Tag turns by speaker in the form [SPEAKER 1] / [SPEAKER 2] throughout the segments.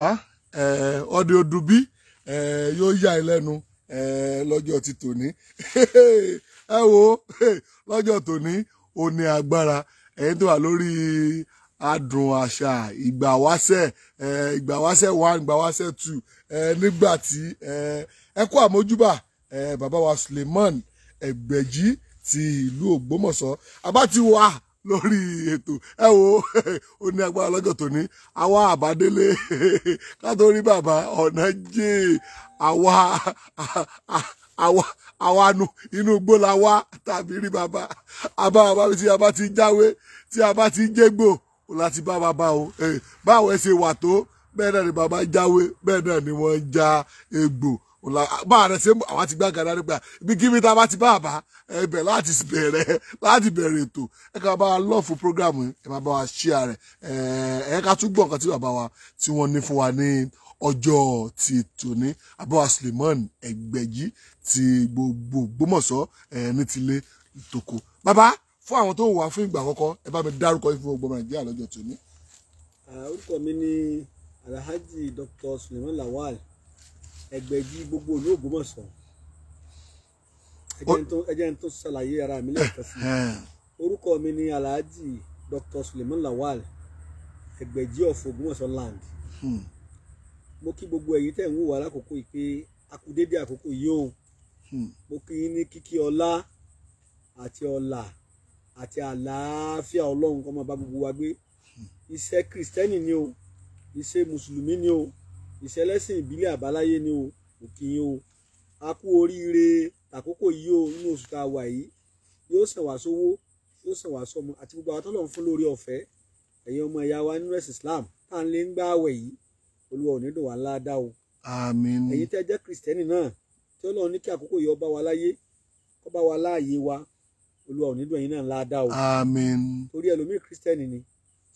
[SPEAKER 1] Ah, eh, ọdẹ odùbí eh, yóò yà ẹ lẹ́nu eh, lọ́jọ́ ti tòní ẹ wo lọ́jọ́ tòní ò ní agbára ẹ̀yin tó wà lórí adùn àṣà ìgbàwáṣẹ̀ ìgbàwáṣẹ̀ one ìgbàwáṣẹ̀ two nígbà tí ẹ kú àmójúbà bàbá wa Suleiman Ẹgbẹ̀jì ti ìlú Ògbómọ̀ṣọ́ abá ti wà lórí ètò ẹ wo ó ní agbára lọ́jọ́ tòní àwa àbádélé kátórí bàbá ọ̀nà jẹ́ àwa àwa àwa nu inú igbó la wá tàbí rí bàbá àbá bàbá tí a bá ti jáwé tí a bá ti jégbò láti bá bàbá o eh, báwo ẹ ṣe wà tó bẹ́ẹ̀ náà ni bàbá jáwé bẹ́ẹ̀ náà ni wọ́n já egbò ọ̀la bá rẹ̀ ṣe àwa ti gbá gàdá nígbà ibi kíbi tá a bá ti bá àbá ẹbẹ̀ láti bẹ̀rẹ̀ láti bẹ̀rẹ̀ ètò ẹ ká bá wa lọ́ọ̀fù prógráàmù ẹ má bá wa ṣíà rẹ̀ ẹ ká tún gbọ́ nǹkan tí bàbá wa tí wọ́n ní fún wa ní ọjọ́ ti tòní àbáwá Suleiman Ẹgbẹ̀jí ti gbogbo Ògbómọ̀ṣọ́ ẹ ní tilé ìtòkò bàbá fún àwọn tó ń wà fún ìgbà àkọ́kọ́ ẹ bá mi dárúkọ yín fún gbogbo Nàìjíríà lọ́jọ́ tòní.
[SPEAKER 2] orúkọ mi ni Alhaji Dr. Suleiman Lawal ẹgbẹ̀jì gbogbo olú Ògbómọ̀ṣọ́ ẹ jẹ́ n tó ṣàlàyé ara mi lẹ́ẹ̀kan sí orúkọ mi ni Alhaji Dr. Suleiman Lawal ẹgbẹ̀jì of Ògbómọ̀ṣọ́ land hmm. mo kí gbogbo ẹ̀yin tẹ̀ ń wò wá lákòókò yìí pé akudédé àkókò yìí o hmm. mo kí yín ní kíkí ọlá àti ọlà àti àlàáfíà ọlọ́run kó máa bá gbogbo wa gbé hmm. iṣẹ́ kristẹni ni o iṣẹ́ mùsùlùmí ni o ìṣẹ̀lẹ̀sìn ìbílẹ̀ àbáláyé ni o òkìyìn o a kú oríire àkókò yìí o inú oṣù tá a wà yìí yóò sàn wá sówó yóò sàn wá sọmọ àti gbogbo àwọn tọ́lọ̀ ń fún lórí ọ̀fẹ́ ẹ̀yin ọmọ ìyá wa nínú ẹ̀sìn Islam tá à ń lé ń gbá àwẹ̀ yìí olúwa ò ní dùn wá ńlá dá o. àmín. ẹ̀yin tẹ́ jẹ́ kìrìsìtẹ́nì náà tí ọlọ́run ní kí àkókò yìí ó wa láyé ó wa láàyè wa olúwa ò ní dùn ẹ̀yin náà ńlá dá o. torí ẹlòmíì kìrìsìtẹ́nì ni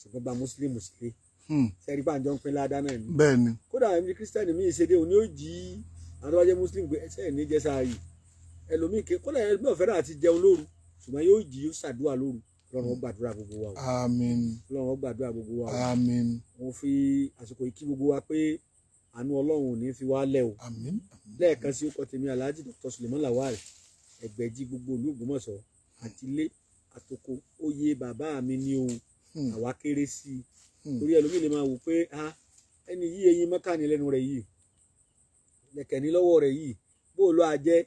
[SPEAKER 2] ṣùgbọ́n gba mùsùlùmí sílé sẹ́rí hmm. bá ń jọ ń pín ládàá náà ni. bẹ́ẹ̀ni. kódà ẹni kírísítẹ́nì mi ìṣèdè òní ó jí àwọn tó bá jẹ́ muslim gbé ẹsẹ̀ ní jẹ́sà yìí ẹlòmíì ké kódà ẹni náà fẹ́ràn àti jẹun lóru ṣùgbọ́n yóò jí yóò ṣàdúrà lóru lọ́run ó gbàdúrà gbogbo wa o. àmín. lọ́run ó gbàdúrà gbogbo wa o. àmín. mo fi àsìkò yìí gbogbo wa pé àánú ọlọ́run ò ní fi wá lẹ̀ o. àmín. lẹ́ẹ̀kan sí ọkọ̀ tèmi alhaji dr suleiman lawal ẹgbẹ̀jì gbogbo olú Ògbómọ̀ṣọ́ àtilé àtòkò ó yé bàbá mi ní o hmm. àwa kéré sí i Hmm. torí ẹlòmíì lè máa wò pé ah, ẹni yí eyín mọ́kà ní lẹ́nu rẹ̀ yìí lẹ̀kẹ̀ lọ́wọ́ rẹ̀ yìí bó lọ́ a jẹ́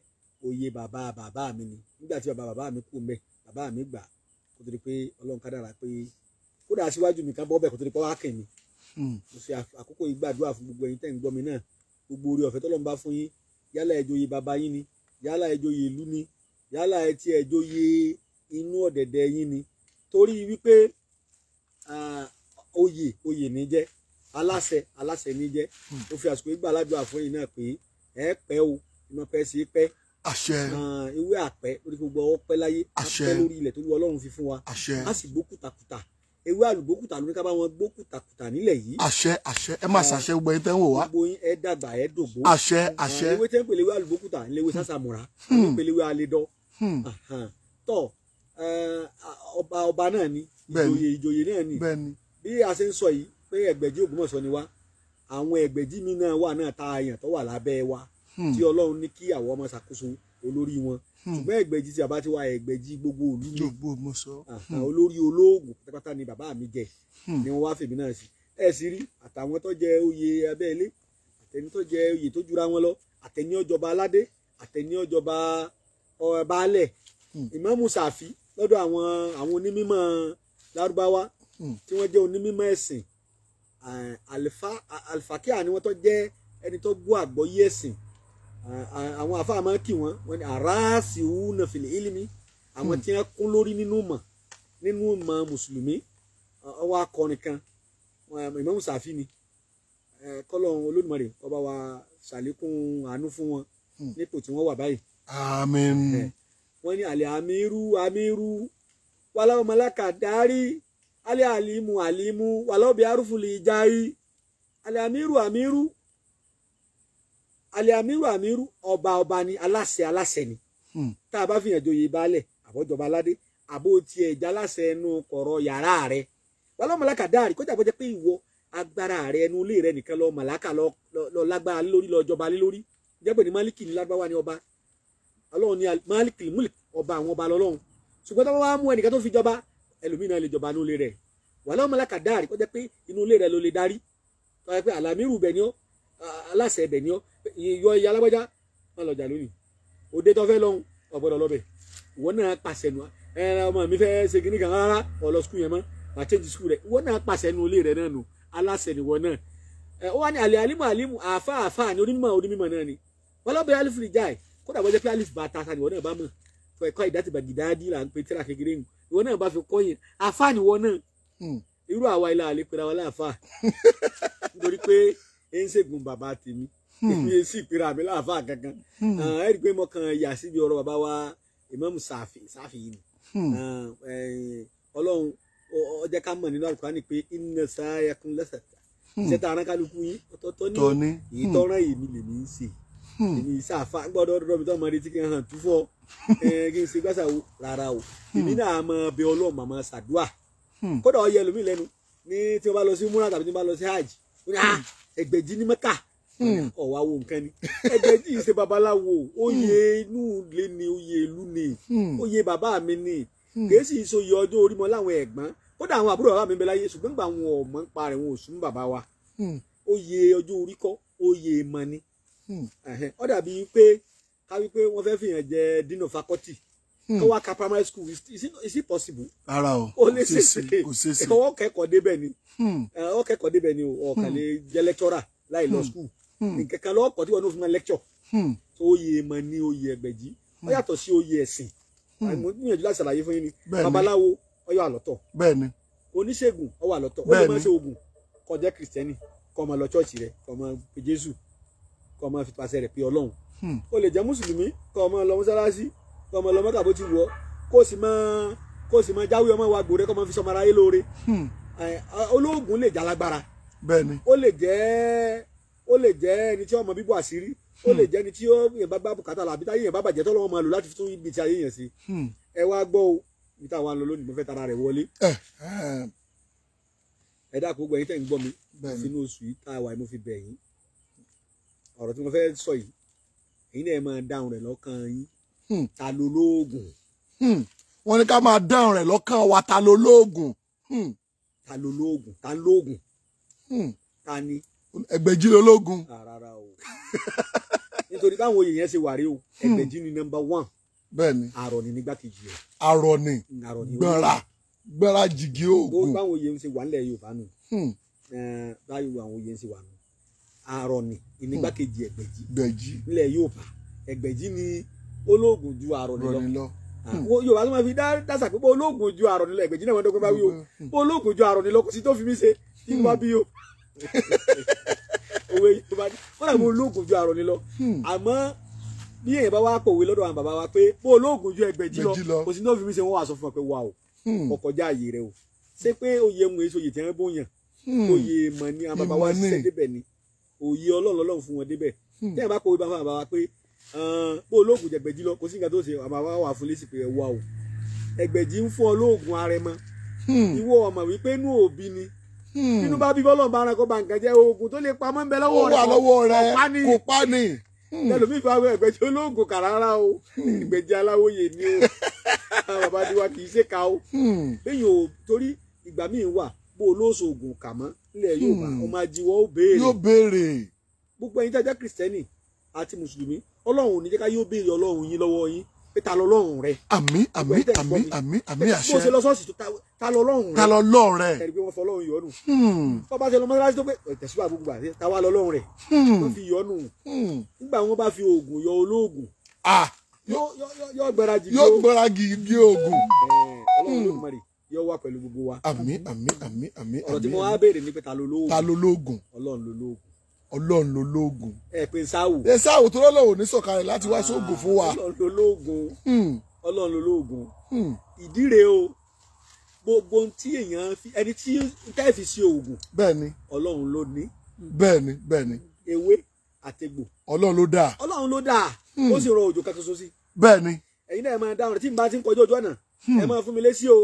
[SPEAKER 2] òye bàbá bàbá mi ni nígbà tí bàbá bàbá mi kú mẹ́ bàbá mi gbà kó tó di pé ọlọ́run ká dára pé kódà síwájú mi ká bọ́ bẹ́ẹ̀ kó tó di pé wá kàn mí. mo ṣe àkókò yìí gbàdúrà fún gbogbo ẹ̀yin tẹ́ ń gbọ́ mi náà gbogbo orí ọ̀fẹ́ tọ́lọ́run bá fún yín yálà torí wípé ah, oyè oyè ní jẹ́ aláṣẹ aláṣẹ ní jẹ́ ó hmm. fi àsìkò ìgbà aládùúgbò fún yín náà pé ẹ pẹ́ o ìmọ̀ pẹ́ sí pẹ́ àṣẹ ewé àpẹ orí gbogbo ọwọ́ pẹ́ láyé àṣẹ lórí ilẹ̀ tó lu ọlọ́run fi fún wa àṣẹ á sì gbó kùtàkùtà ewé àlùbókùtà lórí ká bá wọn gbó kùtàkùtà nílẹ̀ yìí. àṣẹ àṣẹ ẹ máa ṣàṣẹ
[SPEAKER 1] gbogbo ẹyin tẹ́ ń wò wá.
[SPEAKER 2] gbogbo yín ẹ dàgbà ẹ dògbó. àṣẹ àṣẹ. ewé tẹ́ ń pèlè ewé àlùbókùtà ń léwé sásàmùrà ń pèlè ewé alédọ́. tọ ọba ọba náà ni ìjòyè ìjòyè náà ni bí a ṣe ń sọ yìí pé ẹgbẹ̀jì Ògbómọ̀ṣọ́ ni wá àwọn ẹgbẹ̀jì mi náà wà náà ta àyàn tó wà lábẹ́ wa hmm. tí Ọlọ́run ní kí àwọn ọmọ ṣàkóso olórí wọn hmm. ṣùgbọ́n ẹgbẹ̀jì tí a bá ti wá ẹgbẹ̀jì gbogbo òlú mi olórí olóògùn pátápátá ni bàbá mi jẹ hmm. ni wọ́n wá fèmí náà sí ẹ sì rí àtàwọn tó jẹ oyè abẹ́lé àtẹni tó jẹ oyè tó jura wọn lọ àtẹni ọjọba aládé àtẹni ọjọba baálẹ̀ ìmámù Ṣàfí lọ́dọ̀ àwọn àwọn onímọ̀ lárúbáwá Hmm. tí wọ́n jẹ́ onímọ̀ ẹ̀sìn alifakia eh, ni wọ́n tó jẹ́ ẹni tó gbọ́ àgbọ́yé ẹ̀sìn eh, àwọn àfa máa kì wọ́n wọ́n ní aráàsì wúna fìlẹ̀ ìlímì àwọn hmm. tí wọ́n kún lórí nínú mọ̀ nínú mọ̀ mùsùlùmí ọwọ́ akọrin kan Ìmámù Ṣàfi ni eh, kọ́lọ́hún Olódùmarè ọba wa ṣàlékún àánú fún wọn hmm. nípò tí wọ́n wà báyìí. wọ́n ní àlẹ́ àmírú àmírú wàláwọ̀ mọ́láka dárí ali alimu alimu walobi arufu lijai ali amiru amiru ali amiru amiru ọba ọba ni aláṣẹ aláṣẹ ni hmm. tá a bá fi hàn joyè baálẹ̀ àbọ̀jọba aládé àbó tiẹ̀ ìjà aláṣẹ re kọ̀rọ̀ yàrá rẹ wàlọ́mọ̀láka dáàrí kó jàpọ̀ jẹ́ pé ìwọ agbára rẹ ẹnu ilé rẹ nìkan lọ màláka lọ lágbára lórí lọ jọba lé lórí jẹ́pẹ̀ ní máàlìkì ní lágbára ni ọba ọlọ́run ni máàlìkì múlìkì ọba àwọn ọba lọ́lọ́run ṣùgbọ́n tó bá wá mú ẹnìkan tó fi jọba ẹlòmíì náà lè jọba inú ilé rẹ̀ wà láwọn mọ̀láka dáàrí kọjá pé inú ilé rẹ̀ ló lè darí tọ́jà pé àlàmírù bẹ̀ ni ọ́ aláṣẹ ẹ̀bẹ̀ ni ọ́ yọ iye alágbájá má lọ jà lónìí òde tó fẹ́ lọ́hùn ọ̀bọ̀dọ̀ lọ́bẹ̀ ìwọ náà pàṣẹ nu ẹ ọmọ mi fẹ́ ṣe kíní kan rárá ọ̀lọ́ skul yẹn mọ́ àtẹ́jì skul rẹ̀ ìwọ náà pàṣẹ nu ilé rẹ̀ náà nù aláṣẹ nìwọ náà ẹ ó wà ní àlẹ́ alimu alimu àáfà àáfà ni onímọ̀ onímọ̀ náà ni wọ́n lọ́bẹ̀ alif lè jáì kódà wọ́n jẹ́ pé alif bá ta ta nìwọ náà bá mọ̀ fọ ìwọ náà bá fi kọ́yìn àfa nìwọ náà hmm. irú àwa ilé àlè pera wa láàfa nítorí pé ẹ ń ṣègùn bàbá tèmi hmm. èmi ẹ sì pera mi láàfa kankan hmm. ẹ pé mo kàn yà síbi ọ̀rọ̀ bàbá wa Imam safi safi yìí Ọlọ́run ó jẹ́ ká mọ̀ nínú Al-Qur'ani pé inna sa'yakum lashatta ṣẹta aránkálukú yín ọ̀tọ̀ọ̀tọ̀ ní ìtọrọ èmi lèmi ń ṣe ìsàfà hmm. gbọ́dọ̀ dọdọ mi tó máa retí kí n hàn tú fọ eh, kí n ṣe gbàsà wo rárá o hmm. èmi náà máa bẹ Ọlọ́run màmá ṣàdúà hmm. kódà ọyẹ ẹlòmí lẹ́nu ní tí wọ́n bá lọ sí múra tàbí tí wọ́n bá lọ sí hajj ó ní ah, ah. ẹgbẹ̀jì ní Mẹ́kà ọ̀wá wo nǹkan ni ẹgbẹ̀jì ṣe babaláwo oyè inú ilé ni oyè ìlú ni oyè bàbá mi ni kèé sì so yọ ọjọ́ orí mọ́ láwọn ẹ̀gbọ́n kódà àwọn àbúrò bàbá mi bẹ láyé ṣùgbọ́n gbà wọn ọmọ ń pa rẹ̀ wọn ò sún bàbá wa oyè ọjọ́ orí kọ́ oyè ìmọ̀ ni Hmm. ó dàbí pé ká wípé wọ́n fẹ́ fìyàn jẹ dino faculty hmm. kó wá ka primary school is it, is it possible.
[SPEAKER 1] rárá o kò ṣeéṣe
[SPEAKER 2] kò ṣeéṣe ẹ̀kọ́ kẹ́kọ̀ọ́ débẹ̀ ni hmm. ẹ̀kọ́ kẹ́kọ̀ọ́ débẹ̀ ni ọ̀kan lè jẹ́ lecturer láì lọ school nǹkan kan lọ́kọ̀ọ́ tí wọ́n ní òfin máa lecture tó oyè èèmọ̀ ni oyè ẹ̀gbẹ̀jì ó yàtọ̀ sí oyè ẹ̀sìn mo gbìyànjú láti ṣàlàyé fún yín ni babaláwo ó yọ àlọ́tọ̀ oníṣègùn ó wà lọ́tọ̀ ó lè má ṣe oògùn kó jẹ́ kìrìsìtẹ́nì kó máa lọ ṣọ́ọ̀ṣì rẹ̀ kó máa pe Jésù kọ́ máa fi pàṣẹ rẹ̀ pé ọlọ́run o hmm. lè jẹ́ mùsùlùmí kọ́ máa lọ mọ́sálásí kọ́ máa lọ mọ́kà bó ti wọ̀ kó sì máa kó sì máa jáwé ọmọ wa gbòòrè kọ́ máa fi sọmọ ara yé lóore hmm. olóògùn lè jalagbára bẹ́ẹ̀ni ó lè jẹ́ ó lè jẹ́ ẹni tí ọmọ bíbọ̀ àṣírí ó lè hmm. jẹ́ ẹni tí ó yẹn bá gbá bùkátà làbí táyé yẹn bá bàjẹ́ tọ́lọ́wọ́ máa lò láti tún ibi tí ayé yẹn sí ẹ wá gbọ́ o ibi táwa ń lọ lónìí mo fẹ́ tara rẹ̀ wọlé ẹ dákun gbọ́ ẹ̀yin tẹ́ ń gbọ́ mi sínú oṣù yìí tá a mo fi bẹ̀ yín ọ̀rọ̀ tí mo fẹ́ sọ yìí èyí náà máa dáhùn rẹ̀ lọ́kàn yín hmm. ta ló lóògùn.
[SPEAKER 1] Hmm. wọ́n ní ká máa dáhùn rẹ̀ lọ́kàn wa ta ló lóògùn. Hmm.
[SPEAKER 2] ta ló lóògùn ta lóògùn ta ni. ẹgbẹ̀jì ló lóògùn. Ah, rárá o nítorí báwọn oyè yẹn ṣe wà rí o ẹgbẹ̀jì ni nọ́mbà one. bẹ́ẹ̀ni àrọ̀nì nígbàkejì rẹ̀. àrọ̀nì gbọ́nra gbọ́nra jìgì oògùn. báwọn oyè ń ṣe wà nílẹ̀ Yorùbá nù eh, báyìí àwọn oyè ń ṣe wà nù àrọ̀nì ìnigbákejì ẹ̀gbẹ̀jì gbẹ̀jì nílẹ̀ Yorùbá ẹ̀gbẹ̀jì ni olóògùn ju àrọ̀nì lọ ah, Yorùbá tó máa fi dásà pé olóògùn ju àrọ̀nì lọ ẹ̀gbẹ̀jì náà wọ́n dọ́gbọ́n bá wí o mm, mm, mm. olóògùn ju àrọ̀nì lọ kò sí tó fi mí ṣe kí n wá bí o òwe Yorùbá ni wọ́n dàgbọ́ olóògùn ju àrọ̀nì lọ hmm. àmọ́ bí èèyàn bá wá pòwe lọ́dọ̀ àwọn bàbá wa pé olóògùn ju ẹ̀gbẹ̀jì lọ kò sí tó fi mí ṣe wọ́n wà sọ fún ọ pé wà o ọkọjá hmm. àyè rẹ o ṣé pé oyè ń wo èso oyè tí wọ́n bóyàn hmm òye ọlọ́run ọlọ́run fún wọn débẹ̀ hmm. tí a bá kó ibà fún àbá wa pé bó olóògùn jẹgbẹ̀jì lọ kò sí nǹkan tó ṣe àbá wa wà fún lẹ́sìn pé ẹ wá o ẹgbẹ̀jì ń fún olóògùn arẹmọ hmm. ìwọ ọmọ wípé inú òbí ni nínú hmm. bá bíbọ́ lọ́nà bára kọ́ bá nǹkan jẹ́ oògùn tó lè pamọ́ ń bẹ lọ́wọ́ rẹ̀ kò pa ni tẹlomi ìfọ àwọn ẹgbẹjẹ olóògùn kà rárá o ìgbẹjẹ aláwòye ni o bàbá tiwa kì í ṣe ka o lẹ́yìn o torí ìgbà míì wà bó olóòṣògùn ilẹ̀ Yorùbá ọmọ hmm. ajiwọ́ ó béèrè yóò béèrè gbogbo ẹ̀yin tẹ́jẹ́ kìrìsìtẹ́nì àti mùsùlùmí ọlọ́run ní jẹ́ yóò béèrè ọlọ́run yín lọ́wọ́ yín pé ta lọ lọ́run rẹ. àmì àmì àmì àmì àmì àṣẹ. bó ṣe lọ tó ta lọ lọ́run rẹ. ta lọ lọ́run rẹ. ẹ̀rí pé wọ́n fọ ọlọ́run yọ̀ọ́nù. Hmm. tó ṣe lọ mọ́sálásí tó pé tẹ̀síwá gbogbo àti ta wá lọ lọ́run rẹ. Hmm. wọ́n fi yọ̀ọ́nù. nígbà wọn bá fi oògùn yọ olóògùn. Ah. yóò gbẹ́ra gidi oògùn. ọlọ́run ló mọ̀ rè wà pẹ̀lú gbogbo wa.
[SPEAKER 1] àmín àmín àmín àmín. ọ̀rọ̀ tí mo wá béèrè
[SPEAKER 2] ni pé ta ló lóògùn. ta ló
[SPEAKER 1] lóògùn. ọlọ́run ló lóògùn. ọlọ́run ló lóògùn.
[SPEAKER 2] ẹ pé sáwò. ẹ
[SPEAKER 1] sáwò tó lọ́lọ́ òní sọ̀kalẹ̀ láti wá sóògùn fún wa. ọlọ́run ló lóògùn. Hmm. Hmm.
[SPEAKER 2] ìdí rèé o gbogbo tí èèyàn ẹni tí tẹ́ fi ṣe oògùn. bẹ́ẹ̀ni. ọlọ́run ló ní. bẹ́ẹ̀ni bẹ́ẹ̀ni. ewé àtegbò. ọlọ́run ló dáa. ọlọ́run ló dáa. Hmm. ó sì rọ òjò kan ṣoṣo sí. bẹ́ẹ̀ni. ẹ̀yin náà ẹ máa dáhùn tí n bá ti ń kọjú ojú ọ̀nà ẹ máa fún mi lé sí o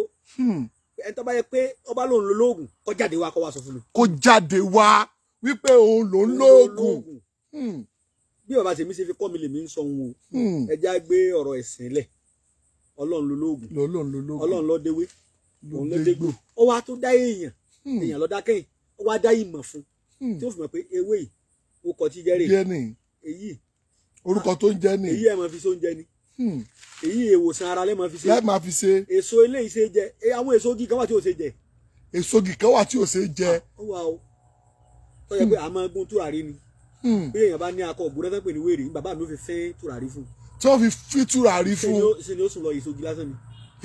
[SPEAKER 2] ẹni tó bá yẹ pé ọba lòun lo lóògùn kó jáde wá kó wá sọ fún mi. kó jáde wá wípé òun ló ń lóògùn. Hmm. bí bàbá tèmi ṣe fi kọ́ mi lèmi ń sọ òun o hmm. ẹ já gbé ọ̀rọ̀ ẹ̀sìn lẹ̀ ọlọ́run ló lóògùn ọlọ́run ló déwé òun ló dégbò ó wá tó dá èèyàn hmm. èèyàn ló dá kẹ́yìn ó wá dá ìmọ̀ fún tí ó fi mọ̀ pé ewé yìí ó kọ tí jẹ́rè orúkọ tó ń jẹ́ ni èyí ẹ̀ mọ̀ fi sóúnjẹ ni. Hmm. èyí èwòsàn ara lẹ́ẹ̀ máa fi ṣe lẹ́ẹ̀ máa fi ṣe èso eléyìí ṣe jẹ e, àwọn èso igi kan wà tí ò ṣe jẹ èso igi kan wà tí ò ṣe jẹ. Ah, ó wà o ó yẹ pé àmọ́ egun tùràrí ni hmm. bí èèyàn bá ní akọ ògbúrẹ́ fẹ́ pè ní wèrè bàbá mi ò fi fẹ́ tùràrí fún. tí wọ́n fi fi tùràrí fún. ṣe ni ó sùn lọ èso igi lásán ni.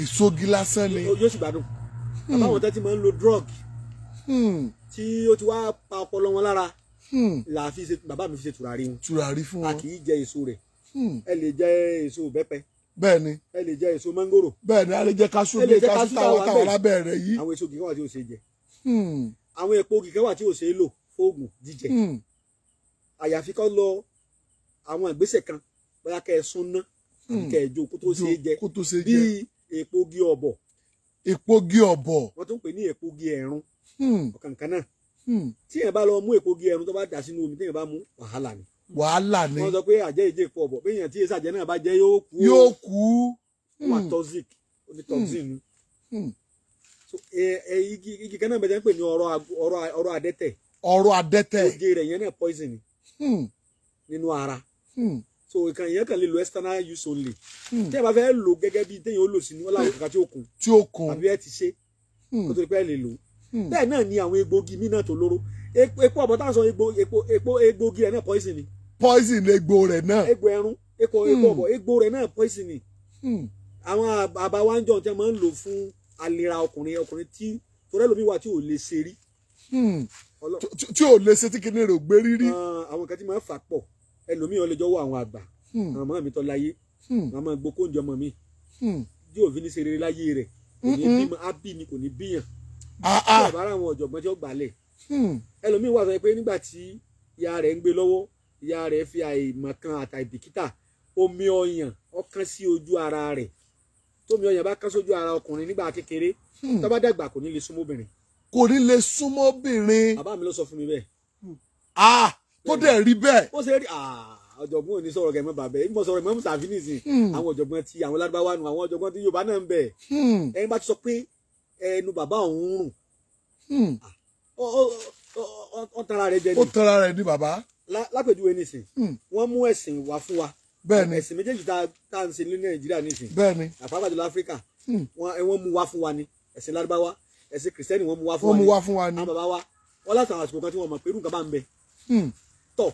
[SPEAKER 2] èso igi lásán ni. yóò sì gbádùn hmm. àbáwọn tó ti máa ń lo drug tí ó ti wá pa ọpọlọ wọn lára là fi ṣe bàbá mi fi ṣe tùràrí wọn. tùràrí fún wọn. a kì í jẹ èso rẹ̀ Hmm. ẹ lè jẹ èso bẹ́pẹ bẹ́ẹ̀ni ẹ lè jẹ èso mángòrò bẹ́ẹ̀ni a lè jẹ kaṣú bí kaṣú táwọn táwọn lábẹ́ rẹ̀ yìí àwọn èso kìkẹ́wà tí o ṣe jẹ hmm. àwọn èpo kìkẹ́wà tí o ṣe lò fóògùn jíjẹ hmm. àyàfi kọ́ lọ àwọn ìgbésẹ̀ kan bóyá kẹ́ ẹ sún ná kẹ́ ẹ jó kó tó ṣe jẹ bí èpogi ọ̀bọ̀ èpogi ọ̀bọ̀ wọ́n tún pè ní èpogi ẹ̀rún ọ̀kànkàn náà tí èèyàn bá lọ mú èpogi ẹ̀rún tó bá dà sínú omi tí èèyàn bá mú wàhálà ni wàhálà ni. wọ́n sọ pé àjẹ́ ìjẹ́ ìfọ̀ ọ̀bọ̀ bẹ́ẹ̀ yẹn tí èsì àjẹ́ náà bá jẹ́ yóò kú. yóò
[SPEAKER 3] kú. ó wà hmm.
[SPEAKER 2] toxic ó ní toxin nu. Hmm. igi kan náà bẹ̀rẹ̀ pé ní ọ̀rọ̀ adẹ́tẹ̀. ọ̀rọ̀ adẹ́tẹ̀. oje rẹ̀ yẹn náà poison hmm. nínú ara. so ìkànnì yẹn kàn lè lo external use only. tí ẹ bá fẹ́ lò gẹ́gẹ́ bí téèyàn ó lò sí ní ọ̀là òkùnkà tí ó kun. tí ó kun àbí ẹ ti ṣe kó tó pẹ́ lè lò. ni àwọn poison egbò rẹ̀ náà. egbò ẹrun egbò hmm. egbò ọ̀bọ̀ egbò rẹ̀ náà poison ni. Hmm. àwọn bàbá wa ń jọ tí a máa ń lò fún àlera ọkùnrin ọkùnrin tí torẹ́ lómi wà tí ò lè ṣe rí. Hmm. tí ò lè ṣe tí kìíní rẹ̀ ò gbé rírí. àwọn kan tí máa ń fà pọ̀ ẹlòmíì ò lè jọ wọ àwọn àgbà àwọn màmá mi tó láyé màmá gbókóńjọ mọ̀ mi tí òfin ní ṣe rere láyé rẹ̀ kò ní bímọ á bí ni kò ní bíyàn bàbá ah, ah. ẹlòmíì wà sọ pé nígbà tí ìyá rẹ̀ ń gbé lọ́wọ́ ìyá rẹ̀ fi àìmọ̀kan àtàìbìkítà omi ọyàn ọkàn sí ojú ara rẹ̀ tómi ọyàn bá kán sójú ara ọkùnrin nígbà kékeré hmm. tó bá dàgbà kò ní lè súnmọ́ obìnrin. kò ní lè súnmọ́ obìnrin. bàbá mi ló sọ fún mi bẹ́ẹ̀. ah tó dẹ̀ rí bẹ́ẹ̀. ó ṣe rí ah ọ̀jọ̀gbọ́n òní sọ̀rọ̀ kẹ̀mọ́ bàbẹ́ ìmọ̀ sọ̀rọ̀ ìmọ̀ mùsàfin nìsín hmm. àwọn ọ̀jọ̀gbọ́n ti àwọn ládùbáwá nu àwọn ọ̀jọ̀gbọ́n ti Yorùbá náà ń bẹ ẹni bá ti sọ pé ẹnu bàbá òun rùn ó tara rẹ̀ jẹ ni. ó tara rẹ̀ ni bàbá lápèjúwe nísìn hmm. wọ́n mú ẹ̀sìn wá fún wa bẹ́ẹ̀ni ẹ̀sìn méjèèjì tá à ń ṣe ní nàìjíríà nísìn bẹ́ẹ̀ni àpapọ̀ jùlọ áfíríkà hmm. wọ́n mú wá fún wa ni ẹ̀sìn lárúbáwá ẹ̀sìn kìrìsìtẹ́nì wọ́n mú wá fún wa ni àwọn bàbá wa wọ́n látàwọn àsìkò kan tí wọ́n mọ̀ pé irú nǹkan bá ń bẹ. Hmm. tọ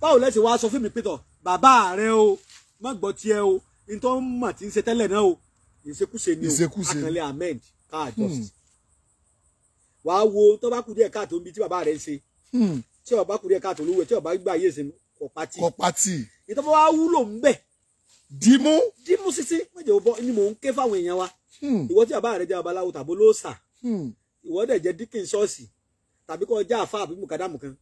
[SPEAKER 2] báwo lẹ́sìn wá sọ fún mi pé tọ bàbá rẹ o má gbọ́ tiẹ̀ o n tó ń mọ̀ tí ń ṣe tẹ́lẹ̀ náà o ìṣekúṣe ni o akànlẹ̀ ahmed káàdọ́sì wàá wo tó bá kú díẹ̀ káàtó ń bi tí tí ọba kùrẹ́ káàtó lówó tí ọba gbà yé ìsinmi kọ̀pátì. kọ̀pátì. ìtọ́fọ́ wa wúlò ń bẹ̀. dìímú. dìímú sisi méje bọ ni mò ń ké fáwọn èèyàn wa. Hmm. ìwọ tí bàbá rẹ jẹ babaláwo tàbí olóòṣà. Hmm. ìwọ dẹ̀ jẹ díkìn ṣọ́ọ̀ṣì tàbí kọ́ já àfa àbí mùkádàmù kan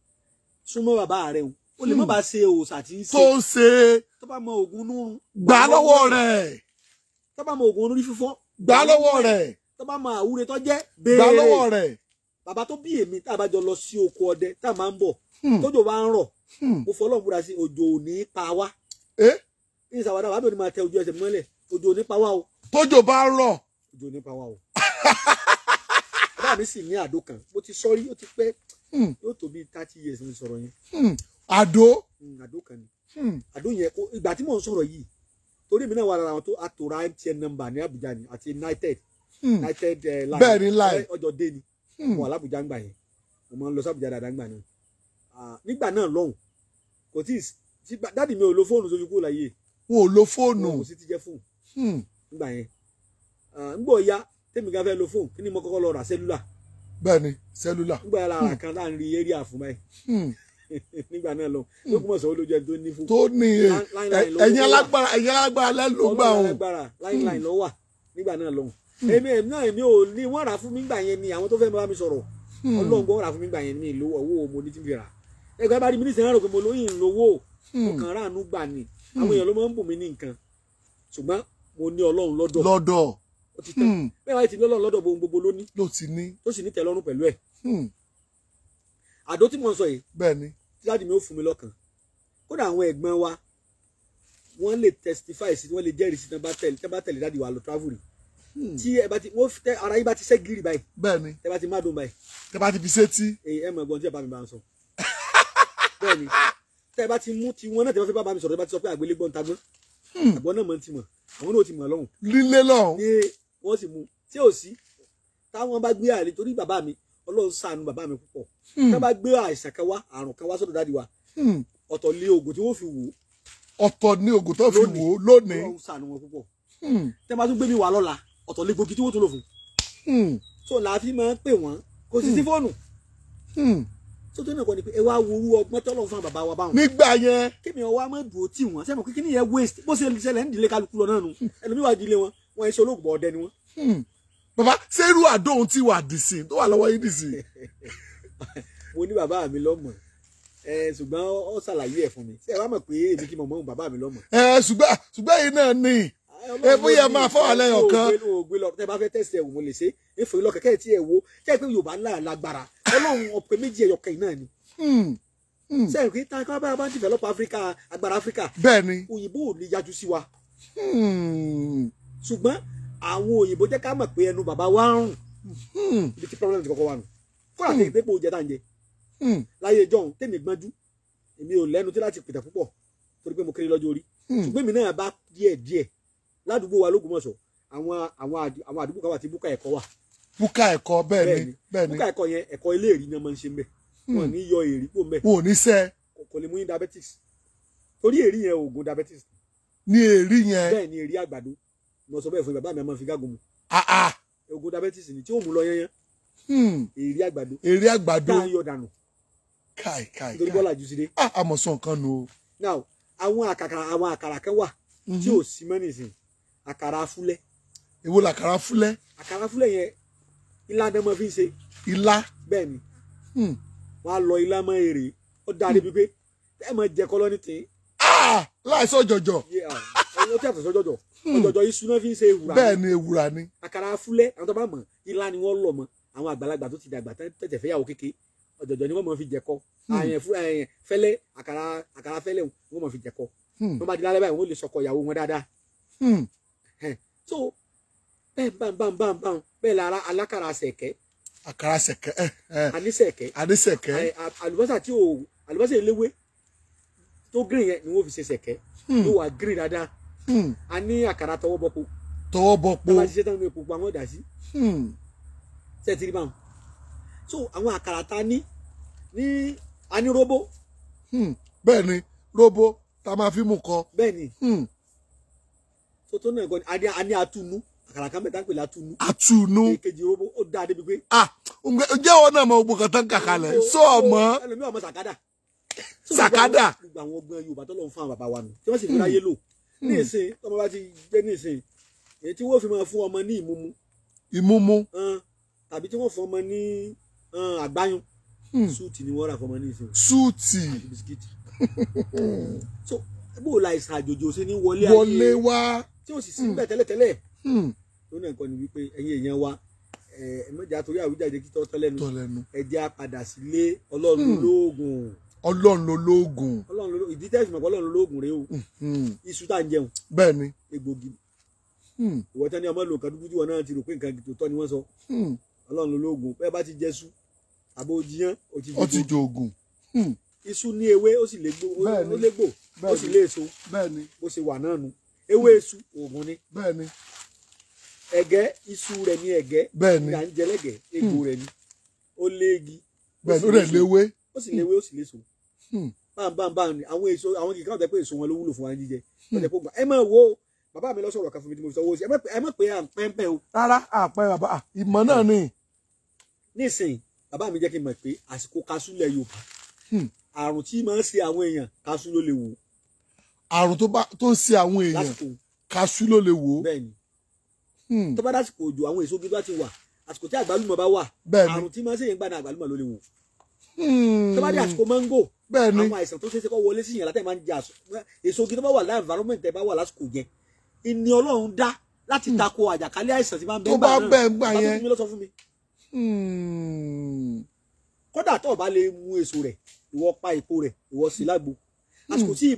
[SPEAKER 2] súnmọ́ bàbá rẹ o o lè má hmm. ba ṣe òòṣà tí ń ṣe. tó ń ṣe. tó bá mọ oògùn inú. gbà lọ́wọ́ rẹ̀. tó bá mọ oògùn inú fífọ́. gbà lọ́wọ́ rẹ̀. tó bá mọ àwúre tó jẹ́. béèrè gbà lọ́wọ́ rẹ̀ bàbá tó bí èmi tá a bá jọ lọ sí oko ọdẹ tá a máa ń bọ̀ hmm. tójò bá ń rọ̀ hmm. mo fọlọ́ múra sí òjò ò ní pa wá ní eh? ìsàwádà wàá bẹ̀rẹ̀ máa tẹ ojú ẹsẹ̀ mọ́lẹ̀ òjò ò ní pa wá o. tójò bá ń rọ̀. òjò ò ní pa wá o. bá mi sì ní àdó kan mo ti sọ rí ó ti pẹ́ hmm. yóò tó bí thirty years mo sọ̀rọ̀ yẹn. àdó. àdó kan ni àdó yẹn ìgbà tí mò ń sọ̀rọ̀ yìí torí mi náà wà lára àwọn tó àtòrá MTN number ní Àbújá ni àti United
[SPEAKER 1] United eh, line
[SPEAKER 2] ọjọ́ dé ni. Hmm. mo wà lábùjá ńgbà yẹn mo máa ń lọ sábùjá dáadáa ńgbà náà nígbà náà lọ́hùn kò tí ì dáàdì mi ò lo fóònù sójú kúrò láyé
[SPEAKER 1] wọn ò lo fóònù wọn kò sì
[SPEAKER 2] ti jẹ fóònù nígbà hmm. yẹn ńgbà ọ̀ya tèmi gan fẹ́ lo fóònù kí ni mo kọ́kọ́ lọ ra sẹ́lúlà. bẹ́ẹ̀ni sẹ́lúlà. nígbà yàrá ara hmm. kan láàrin eria fún báyìí nígbà náà lọ ló kún mọ̀ sọ́wọ́ lójú ẹ tó ní fún. tó ní e ẹ̀yin alágbára ẹ̀yin alágbára lẹ́nu ló gbà wọn. ọlọ́run alágbára láìláì lọ́wà nígbà náà lọ́hùn Hmm. èmi èmi náà èmi ò ní wọ́n rà fún mi gbà yẹn ni àwọn tó fẹ́ bá mi sọ̀rọ̀ hmm. ọlọ́ngbọ́n rà fún mi gbà yẹn ni ìlú owó mo ní ti fi rà ẹgbẹ́ bá rí mi ní sẹ́yìn rẹ̀ pé mo lóyìn lówó hmm. mo kàn ráàánú gbà ni àwọn èèyàn ló máa ń bù mí ní nǹkan ṣùgbọ́n mo ní ọlọ́run lọ́dọ̀ lọ́dọ̀ bẹ́ẹ̀ wáyé ti ní ọlọ́run lọ́dọ̀ bohun gbogbo ló ní ló ti ní tó sì ní tẹ́lọ́rùn pẹ̀lú ẹ̀ àdó tí mo ń sọ yìí bẹ́ẹ̀ ni láti mi ó fún mi lọ́kàn kódà àwọn Hmm. tí ẹ bá ti wọ́n tẹ ara yín bá ti ṣe gírì báyìí. bẹ́ẹ̀ni tẹ bá ti má dùn báyìí. tẹ bá ti fi sétí. ẹ mọ̀ ẹ̀gbọ́n tí ẹ bá mi bá ń sọ. bẹ́ẹ̀ni tẹ bá ti mú tiwọn náà tẹ bá fi bá mi sọ̀rọ̀ tẹ bá ti sọ pé àgbélégbọn ta gbọn. Hmm. àgbọn náà mọ̀ ti mọ̀ àwọn náà ti mọ̀ lọ́hùn. lílé lọ́hùn. ní wọ́n sì mú tí ò sí táwọn bá gbé àlè torí bàbá mi ọlọ́run ṣàánú bàbá mi púpọ̀ hmm. tá bá gbé àìsàn kan wá àrùn kan wá sọ́dọ̀ dáàdi wa ọ̀tọ̀ lé ọ̀tọ̀ lé gbòógì tí wọ́n tún lò fún. Hmm. so la fi máa ń pè wọ́n kò sí sí hmm. fóònù. tó hmm. tó náà kọ́ ni pé ẹ wá wúrú ọgbọ́n tọ́lọ̀ fún bàbá wa báwọn. nígbà yẹn. kémi ọwọ́ a máa dùn tí wọ́n sẹ́mi kíkí nìyẹn waste bó ṣe ṣẹlẹ̀ ń dìlé kálukú lọ náà nu ẹlòmíwà dìlé wọn wọn ṣe olóògbé ọdẹ ni wọn. bàbá sẹ́rù àdóhun ti wà dìsìn tó wà lọ́wọ́ yín dìsìn. mo ní bàbá mi lọ́mọ ṣùgbọ́n ó ṣàlàyé ẹ̀ fún mi ṣé ẹ wá mọ̀ pé èmi kí mọ̀ mọ́ bàbá mi lọ́mọ.
[SPEAKER 1] ẹ ṣùgbọ́n ṣùgbọ́n yìí náà ni ebú yẹ máa fọ́ àlẹ́ ọ̀kan.
[SPEAKER 2] ògbé lọ tẹ bá fẹ́ tẹ̀sí ẹ̀wò mo lè ṣe é fòye lọ kẹ̀kẹ́ tí ẹ̀ wo kẹ́ ẹ̀ pé yorùbá náà lágbára ọlọ́run ọ̀pẹ méjì ẹ̀yọkẹ́ náà ni. sẹ́yìn kí tá a bá bá develop Africa agbára Africa bẹ́ẹ̀ni òyìnbó ò ní yájú sí wa. ṣùgbọ́n àwọn òyìnbó jẹ́ ká mọ̀ pé ẹnu bàbá wa ń rùn ibi tí problem ti kọ́kọ́ wà nù kọ́ra tèmi pé kò jẹ́ tá à ń jẹ láyé john tèmi gbọ́njú èmi ò lẹ́nu tí láti pìtẹ́ púpọ̀ torí pé mo kéré lọ́jọ́ orí ṣùgbọ́n èmi náà bá díẹ̀ díẹ̀ ládùúgbò wa lógúnmọ̀ṣọ́ àwọn àwọn àwọn àdúgbò kan wà tí búkà ẹ̀kọ́ wà.
[SPEAKER 1] búkà ẹ̀kọ́ bẹ́ẹ̀ ni bẹ́ẹ̀ ni búkà
[SPEAKER 2] ẹ̀kọ́ yẹn ẹ̀kọ́ ilé èrí ni wọ́n ń ṣe mbẹ́ wọn ní yọ èrí pò mbẹ́. wọn ò ní sẹ́. kò lè mú yín diabetes torí èrí yẹn oògùn diabetes.
[SPEAKER 1] ni èrí yẹn. bẹ́ẹ̀
[SPEAKER 2] ni èrí àgbàdo mo sọ bẹ́ẹ̀ fún bàbá mi àmọ́ fi gágun mu. Ah, ah. oògùn diabetes ni tí ó mú lọ yẹn yẹn. Hmm. èrí àgbàdo. èrí àgbàdo. tá a yọ dànù.
[SPEAKER 1] káì káì káì. torí bọ́lá jù sí dé. àmọ̀sán ah, kan nù o.
[SPEAKER 2] now àwọn àkàrà àwọn àkàrà kan wà mhm. tí ò sí mọ́ nísìnyí àkàrà ewo la làkàrà afúlẹ́. àkàrà afúlẹ́ yẹn ilá dẹ́mọ fi ń ṣe. ilá. bẹ́ẹ̀ ni hmm. wọ́n á lọ ilá mọ́ èrè ó dáa débi pé ẹ mọ̀ jẹ kọ́ lọ́ní tì. Ah! láìsọ jọjọ. ọjọ́ ah, tí a tọ̀sọ́ jọjọ hmm. ọjọjọ iṣu náà fi ń ṣe ewùrà. bẹ́ẹ̀ ni ewùrà ni. àkàrà afúlẹ́ àwọn tó bá mọ̀ ilá ni wọ́n lọ̀ mọ́ àwọn àgbàlagbà tó ti dàgbà tẹ̀tẹ̀ fẹ́yàwó kéke ọ̀jọ̀jọ̀ ni wọ́n mọ̀ fi jẹ̀kọ hmm. àyàn fẹ́lẹ́ àkàrà àkàrà fẹ́lẹ́ wọ́n mọ̀ fi jẹ̀kọ wọ́n bá di lálẹ́ báyìí wọ́n lè sọkọ ìyàwó wọn dáadáa so bẹ́ẹ̀ bámbámbámbám bẹ́ẹ̀ la alákàrà sẹ̀kẹ́. àkàrà sẹ̀kẹ́. anisẹ̀kẹ́. anisẹ̀kẹ́. àlùbọ́sà tí o àlùbọ́sà eléwé tó green yẹn ni wọ́n fi ṣe sẹ̀kẹ́ ló hmm. wà green dáadáa hmm. a ní àkàrà tọwọ́ bọ́po. tọwọ́ bọ́po. tábà ṣiṣẹ́ táwọn epo pa wọ́n dà sí. sẹ́tìrì hmm. báwọn so àwọn àkàrà ta ní ní a ní róbó. bẹ́ẹ̀ ni róbó tá a máa fi mú kọ. bẹ́ẹ̀ ni sótó náà kọ́ ni a ní atunu àkàràkà mẹ́ta ń pè látunu. atunu èkejì orobo ó dáa débi pé. ah ǹjẹ́ wọn náà mọ ogun kan tán kàkà lẹ̀ sọ ọmọ. ẹlòmíràn ọmọ sàkádà. sàkádà. gbogbo àwọn ọgbọ́n Yorùbá tó lọ́n fún àwọn bàbá wa nù tí wọ́n sì fi láyé lò hmm. hmm. ní ìsìn ọmọ bá ti gbé ní ìsìn èyí tí wọ́n fi máa fún ọmọ ní ìmumu. ìmumu. tàbí tí wọ́n fún ọmọ ní àgbáyún. Hmm. súùtì ni wọ́n rà fún ọmọ ní ìsìn. súùtì. àti bisikíìtì. so bó o la ìsàjòjò ṣe ní wọlé ayé. wọlé wá tí ò sì sí hmm. níbẹ̀ tẹ́lẹ̀tẹ́lẹ̀ tó náà kọ́ ni wípé ẹ̀yin èèyàn wa ẹ̀ẹ́dẹ́gbẹ̀jà torí àwíjàjẹ́ kí tọ́ tọ́lẹ́nu ẹ̀jẹ̀ apadà sílé ọlọ́run hmm. lóògùn
[SPEAKER 1] ọlọ́run ló lóògùn.
[SPEAKER 2] ọlọ́run ló ìdí tẹ́sí mọ̀ pé ọlọ́run ló lóògùn rèé o. Hmm, iṣu tá à ń jẹun. bẹ́ẹ̀ ni. egbògi. ìwọ tán ni ọmọ lò kan dúdú tí wọn náà ti rò pé nǹkan tó tọ́ ni wọ́n sọ. ọlọ́run ló lóògùn bẹ́ẹ̀ bá ti jẹ iṣu àbò jiyán ó ti jẹ oògùn. iṣu ní ewé ó sì légbò ó sì légbò ó sì léèso bó ṣe wà náà nu ewé hmm. iṣu oògùn ni. bẹ́ẹ̀ni. ẹ̀gẹ́ iṣu rẹ̀ ni ẹ̀gẹ́. bẹ́ẹ̀ni ìyá ń jẹlẹgẹ hmm. egbò rẹ̀ ni ó léegi. bẹ́ẹ̀ni ó rẹ léwé. ó sì léwé ó sì léso. Hmm. báńbáńbáń ni àwọn èso àwọn kìkà ọ̀tẹ̀ pé èso wọn ló wúlò fún wa ní jíjẹ. ọ̀tẹ̀ pé ẹ máa wo bàbá mi lọ sọ̀rọ̀ kan fún mi tí mo fi sọ owó sí ẹ má pé à ń pẹ́ńpẹ́ o. rárá
[SPEAKER 1] àpẹ́ bàbá ìmọ̀ náà ni.
[SPEAKER 2] nísìnyí bàbá mi jẹ́ kí n mọ̀ pé àsìkò kaṣú lẹ̀ Yorùbá àrùn tí máa ń ṣe àwọn èèyàn kaṣú ló lè wò àrùn tó ń ṣe àwọn èèyàn kaṣú ló lè wò ó. Hmm. tó bá dásìkò òjò àwọn èso bí bá ti wà àsìkò tí àgbálùmọ̀ bá wà àrùn tí máa ń ṣèyàn gbàdá àgbálùmọ̀ ló lè wò.
[SPEAKER 3] Hmm. tó bá dé àsìkò
[SPEAKER 2] mango àwọn àìsàn tó ṣeéṣe kó wọlé sí ìyàn látẹ̀ máa ń jẹ èso igi tó bá wà láì environment ẹ̀ bá wà lásìkò yẹn ìní Ọlọ́run dá láti hmm. tako àjàkálẹ̀ àìsàn tí máa ń bẹ́ẹ̀ gbà náà tó bá bẹ́ẹ̀ gbà yẹn kódà mu èso rẹ̀ ìwọ pa èpo rẹ̀ ìwọ sí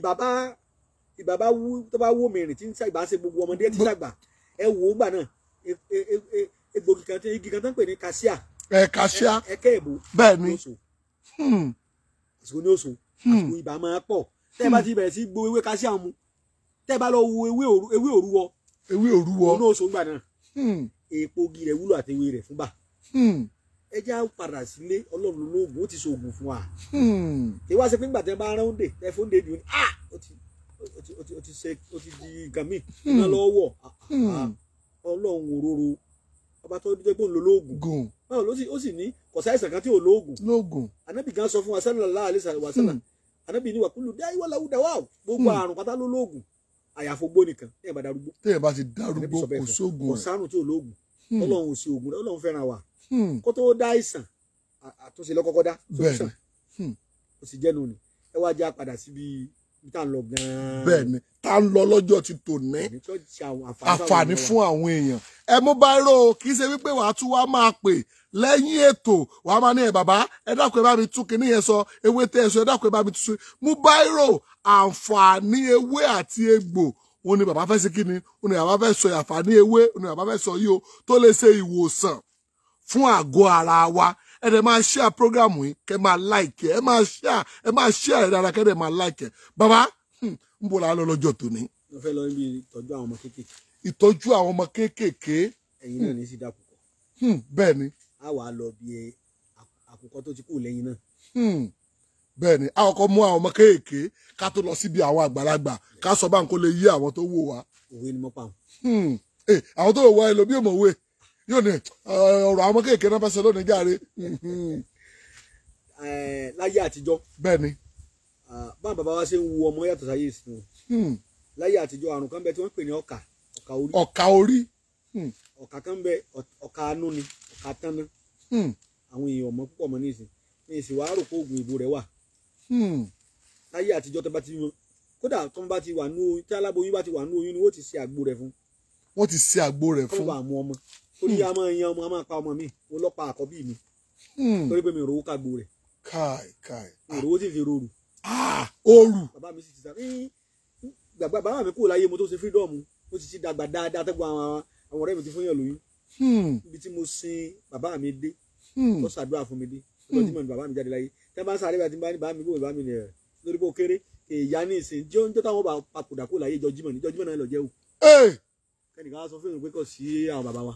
[SPEAKER 2] ìbàbá wú tó bá wú mìíràn tí ń ṣàgbà ṣe gbogbo ọmọdé tí ṣàgbà ẹ wò ó gbà náà e, e, e, egbògi kan tí igi kan tó ń pè ní kasia. ẹ kasia ẹkẹ ìbò bẹ́ẹ̀ ni hmm. àsìkò ní oṣù hmm. àsìkò ibà máa pọ̀ tẹ ẹ bá hmm. ti bẹ̀rẹ̀ sí gbo ewé kasia mu tẹ ẹ bá lọ wo ewé òrúwọ ewé òrúwọ ní oṣù gbà náà èèpo igi rẹ̀ wúlò àti ewé rẹ̀ fún bà ẹ já padà sílé ọlọ́run lóògùn ó ti ṣoògùn fún wa. ìwá ṣe pé ńgbà tẹ bá rán ó dè tẹ fóun dè dùn ní à ó ti o ti ṣe o ti di nǹkan míì iná lọ́wọ́ ọlọ́run òróró ọba tó jẹ́ pé òun lo lóògùn báwo ló sì ó sì ní kọ̀sá ìsàn kan tí ò lóògùn lóògùn ànábì gan sọ fún wa sẹ́nu lọ́la àlẹ́ sàlẹ̀ wà sẹ́nà ànábì ní wàkúlù dé ayé wà láwùdà wà gbogbo àrùn pátá ló lóògùn àyàfo gbó nìkan téèyàn bá darúgbó téèyàn bá ti darúgbó kò sóògùn ọ̀sánù tí ò lóògùn ọlọ́run ò sí ògùn ọlọ́run fẹ́ràn wa kó tó dá ìsàn àtúnṣe lọ́kọ́kọ́ dá solution ó sì jẹ́nu ni ẹ wá já padà síbi tá ń lọ gan ń lọ lọ́jọ́ ti tò ní àǹfààní fún
[SPEAKER 1] àwọn èèyàn ẹ mú báírò kì í ṣe wípé wàá tún wá máa pè lẹ́yìn ètò wàá máa ní ẹ̀ bàbá ẹ dákun ẹ bá mi tún kinní yẹn sọ ewé tẹ ẹ sọ ẹ dákun ẹ bá mi tún sọ mú báírò àǹfààní ewé àti egbò òun ni bàbá fẹ́ ṣe kí òun ni bàbá fẹ́ sọ àǹfààní ewé òun ni bàbá fẹ́ sọ yìí o tó lè ṣe ìwòsàn fún àgọ́ ara wa ẹ dẹ̀ máa program yìí kẹ́ máa like ẹ máa share ẹ máa share ẹ̀ dára kẹ́ dẹ̀ máa hmm, lọ mo
[SPEAKER 2] fẹ́ lọ níbi ìtọ́jú ọmọ kéékèèké.
[SPEAKER 1] ìtọ́jú àwọn ọmọ kéékèèké. ẹ̀yin náà ní sí hmm, ni.
[SPEAKER 2] a wà á lọ bí àkùkọ tó ti kú lẹ́yìn náà.
[SPEAKER 1] Hmm, bẹ́ẹ̀ ni a kọ́kọ́ mú àwọn ọmọ kéékèèké ká tó lọ síbi àwọn àgbàlagbà ká sọ bá ń kó ni mo pa àwọn. Eh, àwọn tó wá yóò ní eh, ọ̀rọ̀ àwọn kéèké náà fẹsẹ̀ lónìí járe.
[SPEAKER 2] Eh, láyé àtijọ́. bẹ́ẹ̀ni. bá bàbá wa ṣe ń wu ọmọ yàtọ̀ sáyé ìsìn o. Hmm. láyé àtijọ́ àrùn kan bẹ tí wọ́n ń pè ní ọkà ọkà orí. ọkà orí. Hmm. ọkà kan bẹ ọkà anú ni ọkà tánná. Hmm. àwọn èèyàn ọmọ púpọ̀ mọ́ ní ìsìn ní ìsìn wàá rò pé oògùn ìbò rẹ̀ wà. láyé àtijọ́ tó bá ti yan kódà tó bá ti wà ní oyún tí aláboyún bá ti wà ní oyún ni wọ́n ti ṣe àgbo rẹ̀ fún. wọ́n ti ṣe àgbo rẹ̀ fún. kọ́ torí hmm. a máa yan ọmọ a máa pa ọmọ mi mo lọ pa àkọ́bí mi hmm. torí pé mi ò rówó kagbo rẹ̀ káì káì mi ò rówó tí n fi rorù ah, orù bàbá mi sì ti sàrí gbàgbà bàbá mi kúrò láyé mo tó ṣe fírídọ́ọ̀mù ó ti ti dàgbà dáadáa tẹ́gbọ́n àwọn àwọn ọ̀rẹ́ mi ti fún yàn lóyún hmm. ibi tí mo sin bàbá mi dé tó ṣàdúrà fún mi dé lọ́jọ́ tí mo ní bàbá mi jáde láyé tẹ́ bá ń sáré bá ti bá ní bàbá mi bó bàbá mi nìyẹn lórí bó kéré èèyàn ní ìsìn jẹ́ oúnjẹ táwọn bá papòdà kó láyé jọ ní jọ náà lọ jẹ́ o. ẹnìkan á sọ fún mi pé kò sí àwọn bàbá wa.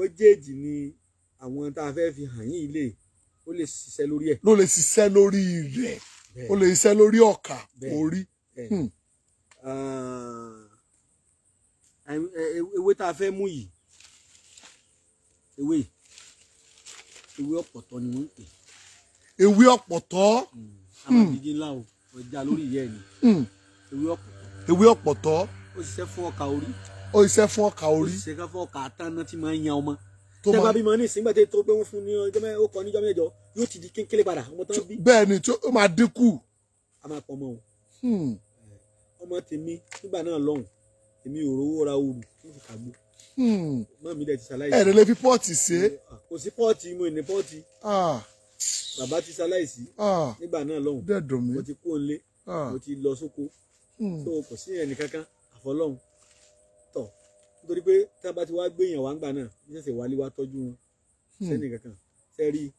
[SPEAKER 2] méjèèjì ni àwọn tá a fẹ́ fi hàn yín ilé ó lè ṣiṣẹ́ lórí ẹ̀. ló lè
[SPEAKER 1] ṣiṣẹ́ lórí rẹ̀ ó lè ṣiṣẹ́ lórí ọ̀kà orí.
[SPEAKER 2] Hmm. Ah, eh, ewé tá a fẹ́ mú yìí ewé ewé ọ̀pọ̀tọ́ ni wọ́n ń pè. ewé ọ̀pọ̀tọ́. Hmm. àwọn ìdíje hmm. ńlá o ọjà lórí ìyá ẹ̀ ni ewé ọ̀pọ̀tọ́. ewé ọ̀pọ̀tọ́. ó ṣiṣẹ́ fún ọkà orí
[SPEAKER 1] ó iṣẹ́ fún ọkà orí. ó
[SPEAKER 2] iṣẹ́ fún ọkà àtàná tí máa ń yan ọmọ. tó máa tẹ́ bá bí máa ní ìsìn gbàdé tó pé wọ́n fún ní ọjọ́ mẹ́ ó kọ́ níjọ́ mẹ́jọ yóò ti di kékeré padà ọmọ tán bí. bẹ́ẹ̀ ni tí
[SPEAKER 1] ó máa dínkù. a máa pọ̀ ọmọ o. Hmm.
[SPEAKER 2] Eh, ọmọ tèmi nígbà náà lọ́hùn èmi ò rówó ra òru fún ìkàgbó. mọ́ mi dẹ̀ ti ṣaláìsí. ẹ̀rẹ̀ lè fi pọ́ọ̀tì ṣe. Eh, ah, kò sí pọ́ọ̀tì mo ní pọ́ọ̀tì. Ah. bàbá ti ṣaláìsí. Ah. nígbà náà lọ́hùn mo ti kó ń lé mo ti lọ sóko. Hmm. so kò sí ẹnì kankan àfọlọ́hùn nítorí pé tá a bá ti wá gbéyàn wá ń gbà náà ní sẹ̀sẹ̀ wálé wá tọ́jú hmm. sẹ́nì kankan sẹ́rí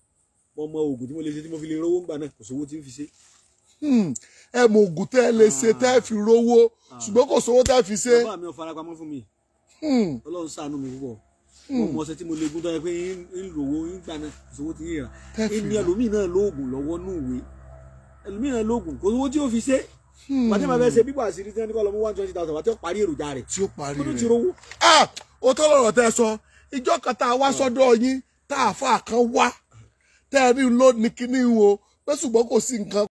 [SPEAKER 2] mo mọ oògùn tí mo lè ṣe tí mo fi lè rówó ń gbà náà kò sówó tí ń fi ṣe.
[SPEAKER 1] Hmm. ẹ mọ oògùn tẹ́ ẹ lè ṣe tẹ́ ẹ fi rówó ah. ṣùgbọ́n kò sówó tẹ́ ẹ fi ṣe. bàbá
[SPEAKER 2] mi ò fara pamọ́ fún mi hmm. ọlọ́run ṣàánú mi púpọ̀ mo mọ ọṣẹ tí mo lè gún tọ́ ẹ pé ń lòwó ń gbà náà kò sówó tí ń yẹra ẹni ẹlòmíì náà lóògùn lọ́wọ́ nùwé ẹlòmíì náà lóògùn kò sówó tí ó fi Hmm. wàtí màá fẹ́ ṣe bíbọ̀ àṣírí tí wọ́n ní kọ́ lọ́mú one twenty thousand wàtí ó parí èròjà rẹ̀ tí ó parí rẹ̀ kó ti rówó. o tó lọ́rọ̀ tẹ sọ ìjọ kan tá a wá sọ́dọ̀ yín tá a fà kan wá tẹ́ ẹ rí ló
[SPEAKER 1] ní kíní wo pé ṣùgbọ́n kò sí nǹkan